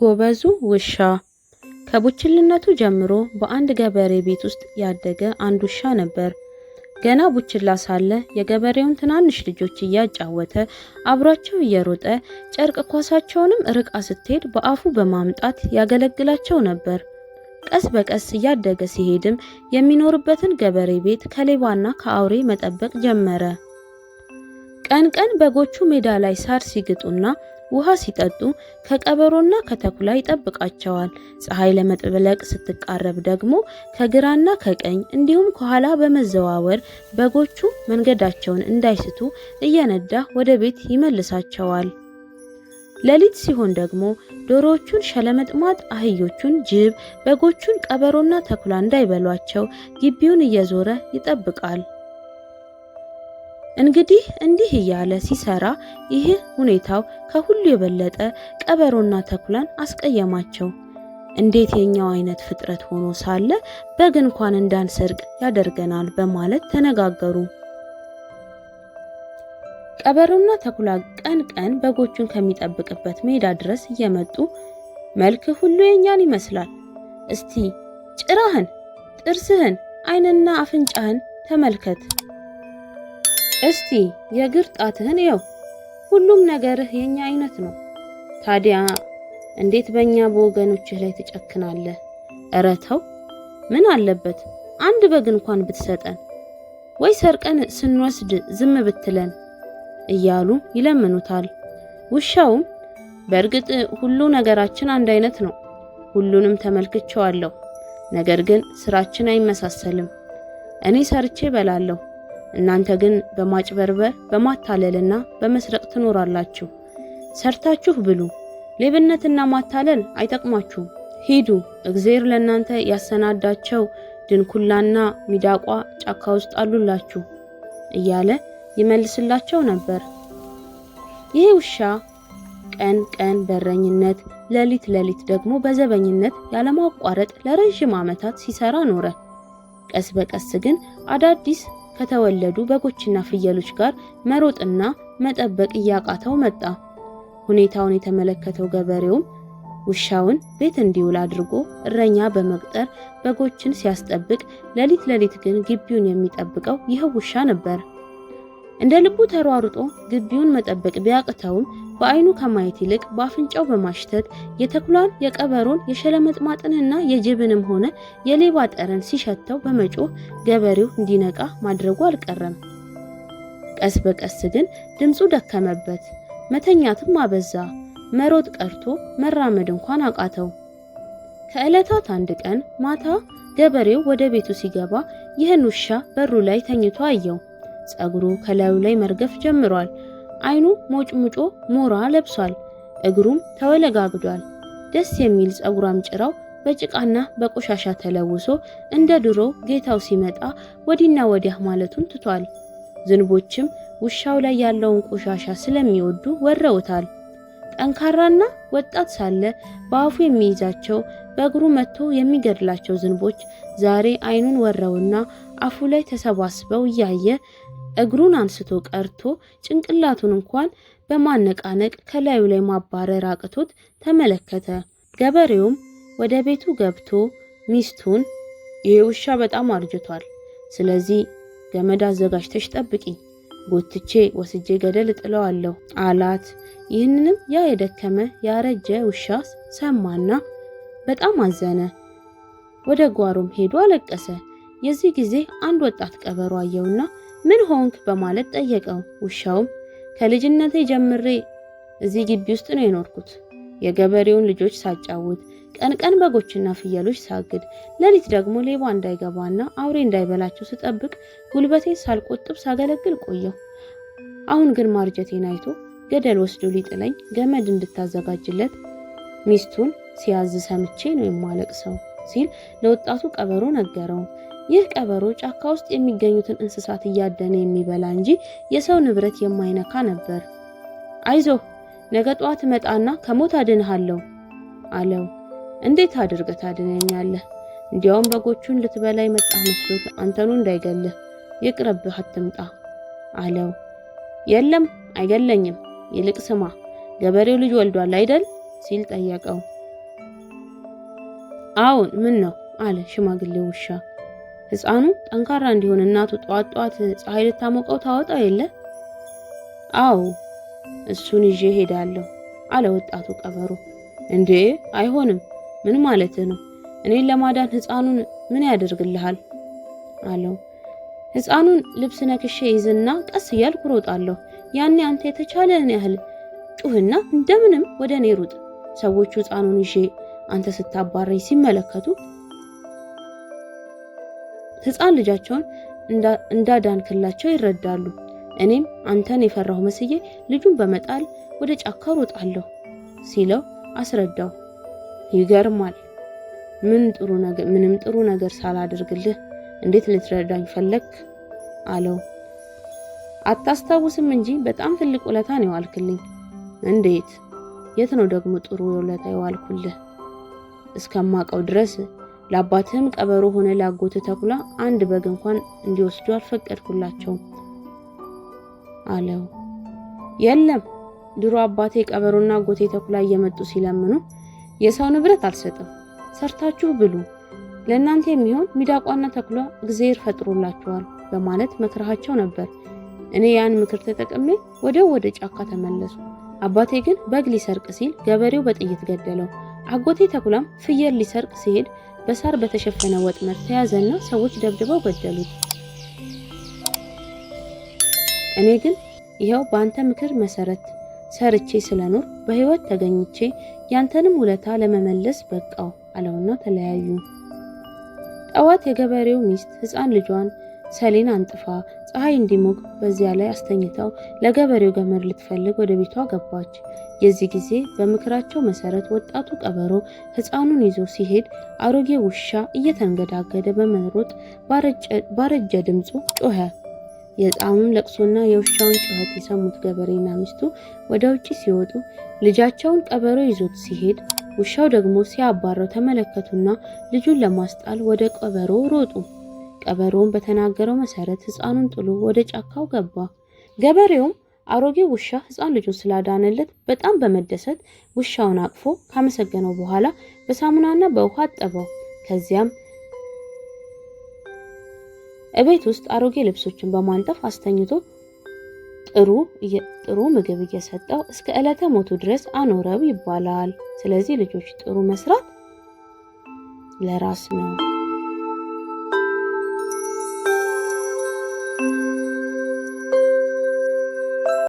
ጎበዙ ውሻ ከቡችልነቱ ጀምሮ በአንድ ገበሬ ቤት ውስጥ ያደገ አንድ ውሻ ነበር። ገና ቡችላ ሳለ የገበሬውን ትናንሽ ልጆች እያጫወተ አብሯቸው እየሮጠ ጨርቅ ኳሳቸውንም ርቃ ስትሄድ በአፉ በማምጣት ያገለግላቸው ነበር። ቀስ በቀስ እያደገ ሲሄድም የሚኖርበትን ገበሬ ቤት ከሌባና ከአውሬ መጠበቅ ጀመረ። ቀን ቀን በጎቹ ሜዳ ላይ ሳር ሲግጡና ውሃ ሲጠጡ ከቀበሮና ከተኩላ ይጠብቃቸዋል። ፀሐይ ለመጥለቅ ስትቃረብ ደግሞ ከግራና ከቀኝ እንዲሁም ከኋላ በመዘዋወር በጎቹ መንገዳቸውን እንዳይስቱ እየነዳ ወደ ቤት ይመልሳቸዋል። ሌሊት ሲሆን ደግሞ ዶሮዎቹን ሸለመጥማጥ፣ አህዮቹን ጅብ፣ በጎቹን ቀበሮና ተኩላ እንዳይበሏቸው ግቢውን እየዞረ ይጠብቃል። እንግዲህ እንዲህ እያለ ሲሰራ ይህ ሁኔታው ከሁሉ የበለጠ ቀበሮና ተኩላን አስቀየማቸው። እንዴት የኛው አይነት ፍጥረት ሆኖ ሳለ በግ እንኳን እንዳንሰርቅ ያደርገናል በማለት ተነጋገሩ። ቀበሮና ተኩላ ቀን ቀን በጎቹን ከሚጠብቅበት ሜዳ ድረስ እየመጡ መልክ ሁሉ የኛን ይመስላል፣ እስቲ ጭራህን፣ ጥርስህን፣ አይንና አፍንጫህን ተመልከት እስቲ የእግር ጣትህን እየው። ሁሉም ነገርህ የኛ አይነት ነው። ታዲያ እንዴት በእኛ በወገኖችህ ላይ ትጨክናለህ? እረ ተው። ምን አለበት አንድ በግ እንኳን ብትሰጠን ወይ ሰርቀን ስንወስድ ዝም ብትለን እያሉ ይለምኑታል። ውሻውም በእርግጥ ሁሉ ነገራችን አንድ አይነት ነው፣ ሁሉንም ተመልክቼዋለሁ። ነገር ግን ስራችን አይመሳሰልም። እኔ ሰርቼ እበላለሁ፣ እናንተ ግን በማጭበርበር በማታለልና በመስረቅ ትኖራላችሁ። ሰርታችሁ ብሉ። ሌብነትና ማታለል አይጠቅማችሁም። ሂዱ፣ እግዜር ለእናንተ ያሰናዳቸው ድንኩላና ሚዳቋ ጫካ ውስጥ አሉላችሁ እያለ ይመልስላቸው ነበር። ይህ ውሻ ቀን ቀን በረኝነት፣ ሌሊት ሌሊት ደግሞ በዘበኝነት ያለማቋረጥ ለረዥም ዓመታት ሲሰራ ኖረ። ቀስ በቀስ ግን አዳዲስ ከተወለዱ በጎችና ፍየሎች ጋር መሮጥና መጠበቅ እያቃተው መጣ። ሁኔታውን የተመለከተው ገበሬውም ውሻውን ቤት እንዲውል አድርጎ እረኛ በመቅጠር በጎችን ሲያስጠብቅ፣ ሌሊት ሌሊት ግን ግቢውን የሚጠብቀው ይህ ውሻ ነበር። እንደ ልቡ ተሯሩጦ ግቢውን መጠበቅ ቢያቅተውም በአይኑ ከማየት ይልቅ በአፍንጫው በማሽተት የተኩላን፣ የቀበሮን፣ የሸለመጥማጥንና የጅብንም ሆነ የሌባ ጠረን ሲሸተው በመጮህ ገበሬው እንዲነቃ ማድረጉ አልቀረም። ቀስ በቀስ ግን ድምፁ ደከመበት። መተኛትም አበዛ። መሮጥ ቀርቶ መራመድ እንኳን አቃተው። ከዕለታት አንድ ቀን ማታ ገበሬው ወደ ቤቱ ሲገባ ይህን ውሻ በሩ ላይ ተኝቶ አየው። ፀጉሩ ከላዩ ላይ መርገፍ ጀምሯል። አይኑ ሞጭሙጮ ሞራ ለብሷል። እግሩም ተወለጋግዷል። ደስ የሚል ፀጉራም ጭራው በጭቃና በቆሻሻ ተለውሶ እንደ ድሮ ጌታው ሲመጣ ወዲና ወዲያ ማለቱን ትቷል። ዝንቦችም ውሻው ላይ ያለውን ቆሻሻ ስለሚወዱ ወረውታል። ጠንካራና ወጣት ሳለ በአፉ የሚይዛቸው በእግሩ መጥቶ የሚገድላቸው ዝንቦች ዛሬ አይኑን ወረውና አፉ ላይ ተሰባስበው እያየ እግሩን አንስቶ ቀርቶ ጭንቅላቱን እንኳን በማነቃነቅ ከላዩ ላይ ማባረር አቅቶት ተመለከተ። ገበሬውም ወደ ቤቱ ገብቶ ሚስቱን ይህ ውሻ በጣም አርጅቷል፣ ስለዚህ ገመድ አዘጋጅተሽ ጠብቂኝ፣ ጎትቼ ወስጄ ገደል እጥለዋለሁ አላት። ይህንንም ያ የደከመ ያረጀ ውሻ ሰማና በጣም አዘነ። ወደ ጓሮም ሄዶ አለቀሰ። የዚህ ጊዜ አንድ ወጣት ቀበሮ አየውና ምን ሆንክ በማለት ጠየቀው። ውሻውም ከልጅነቴ ጀምሬ እዚህ ግቢ ውስጥ ነው የኖርኩት። የገበሬውን ልጆች ሳጫውት፣ ቀን ቀን በጎችና ፍየሎች ሳግድ፣ ሌሊት ደግሞ ሌባ እንዳይገባና አውሬ እንዳይበላቸው ስጠብቅ፣ ጉልበቴን ሳልቆጥብ ሳገለግል ቆየሁ። አሁን ግን ማርጀቴን አይቶ ገደል ወስዶ ሊጥለኝ ገመድ እንድታዘጋጅለት ሚስቱን ሲያዝ ሰምቼ ነው ሰው ሲል ለወጣቱ ቀበሮ ነገረው። ይህ ቀበሮ ጫካ ውስጥ የሚገኙትን እንስሳት እያደነ የሚበላ እንጂ የሰው ንብረት የማይነካ ነበር። አይዞህ ነገ ጠዋት መጣና ከሞት አድንሃለሁ አለው። እንዴት አድርገህ ታድነኛለህ? እንዲያውም በጎቹን ልትበላ የመጣህ መስሎት አንተኑ እንዳይገልህ ይቅርብህ፣ አትምጣ አለው። የለም አይገለኝም። ይልቅ ስማ ገበሬው ልጅ ወልዷል አይደል? ሲል ጠየቀው። አዎን፣ ምን ነው አለ ሽማግሌው ውሻ። ህፃኑ ጠንካራ እንዲሆን እናቱ ጠዋት ጠዋት ፀሐይ ልታሞቀው ታወጣ የለ? አዎ እሱን ይዤ ሄዳለሁ አለ ወጣቱ ቀበሮ። እንዴ አይሆንም። ምን ማለት ነው? እኔን ለማዳን ህፃኑን ምን ያደርግልሃል? አለው። ህፃኑን ልብስ ነክሼ ይዝና ቀስ እያልኩ ሮጣለሁ። ያኔ አንተ የተቻለን ያህል ጩህና እንደምንም ወደ እኔ ሩጥ። ሰዎቹ ህፃኑን ይዤ አንተ ስታባረኝ ሲመለከቱ ሕፃን ልጃቸውን እንዳዳንክላቸው ይረዳሉ። እኔም አንተን የፈራሁ መስዬ ልጁን በመጣል ወደ ጫካ ሮጣለሁ ሲለው አስረዳው። ይገርማል። ምን ጥሩ ነገር ምንም ጥሩ ነገር ሳላደርግልህ እንዴት ልትረዳኝ ፈለክ? አለው። አታስታውስም እንጂ በጣም ትልቅ ውለታ ነው የዋልክልኝ። እንዴት? የት ነው ደግሞ ጥሩ ውለታ የዋልኩልህ? እስከማውቀው ድረስ ለአባትህም ቀበሮ ሆነ ላጎትህ ተኩላ አንድ በግ እንኳን እንዲወስዱ አልፈቀድኩላቸውም አለው። የለም ድሮ አባቴ ቀበሮና አጎቴ ተኩላ እየመጡ ሲለምኑ የሰው ንብረት አልሰጥም፣ ሰርታችሁ ብሉ፣ ለእናንተ የሚሆን ሚዳቋና ተኩላ እግዜር ፈጥሮላችኋል በማለት መክረሃቸው ነበር። እኔ ያን ምክር ተጠቅሜ ወደው ወደ ጫካ ተመለሱ። አባቴ ግን በግ ሊሰርቅ ሲል ገበሬው በጥይት ገደለው። አጎቴ ተኩላም ፍየል ሊሰርቅ ሲሄድ በሳር በተሸፈነ ወጥመድ ተያዘና ሰዎች ደብድበው ገደሉት። እኔ ግን ይኸው በአንተ ምክር መሰረት ሰርቼ ስለኖር በህይወት ተገኝቼ ያንተንም ውለታ ለመመለስ በቃው አለውና ተለያዩ። ጠዋት የገበሬው ሚስት ህፃን ልጇን ሰሌን አንጥፋ ፀሐይ እንዲሞቅ በዚያ ላይ አስተኝታው ለገበሬው ገመድ ልትፈልግ ወደ ቤቷ ገባች። የዚህ ጊዜ በምክራቸው መሰረት ወጣቱ ቀበሮ ሕፃኑን ይዞ ሲሄድ አሮጌ ውሻ እየተንገዳገደ በመሮጥ ባረጀ ድምፁ ጮኸ። የሕፃኑን ለቅሶና የውሻውን ጩኸት የሰሙት ገበሬና ሚስቱ ወደ ውጭ ሲወጡ ልጃቸውን ቀበሮ ይዞት ሲሄድ ውሻው ደግሞ ሲያባረው ተመለከቱና ልጁን ለማስጣል ወደ ቀበሮ ሮጡ። ቀበሮውን በተናገረው መሰረት ህፃኑን ጥሎ ወደ ጫካው ገባ። ገበሬውም አሮጌ ውሻ ህፃን ልጁን ስላዳነለት በጣም በመደሰት ውሻውን አቅፎ ካመሰገነው በኋላ በሳሙናና በውሃ አጠበው። ከዚያም እቤት ውስጥ አሮጌ ልብሶችን በማንጠፍ አስተኝቶ ጥሩ ጥሩ ምግብ እየሰጠው እስከ ዕለተ ሞቱ ድረስ አኖረው ይባላል። ስለዚህ ልጆች ጥሩ መስራት ለራስ ነው።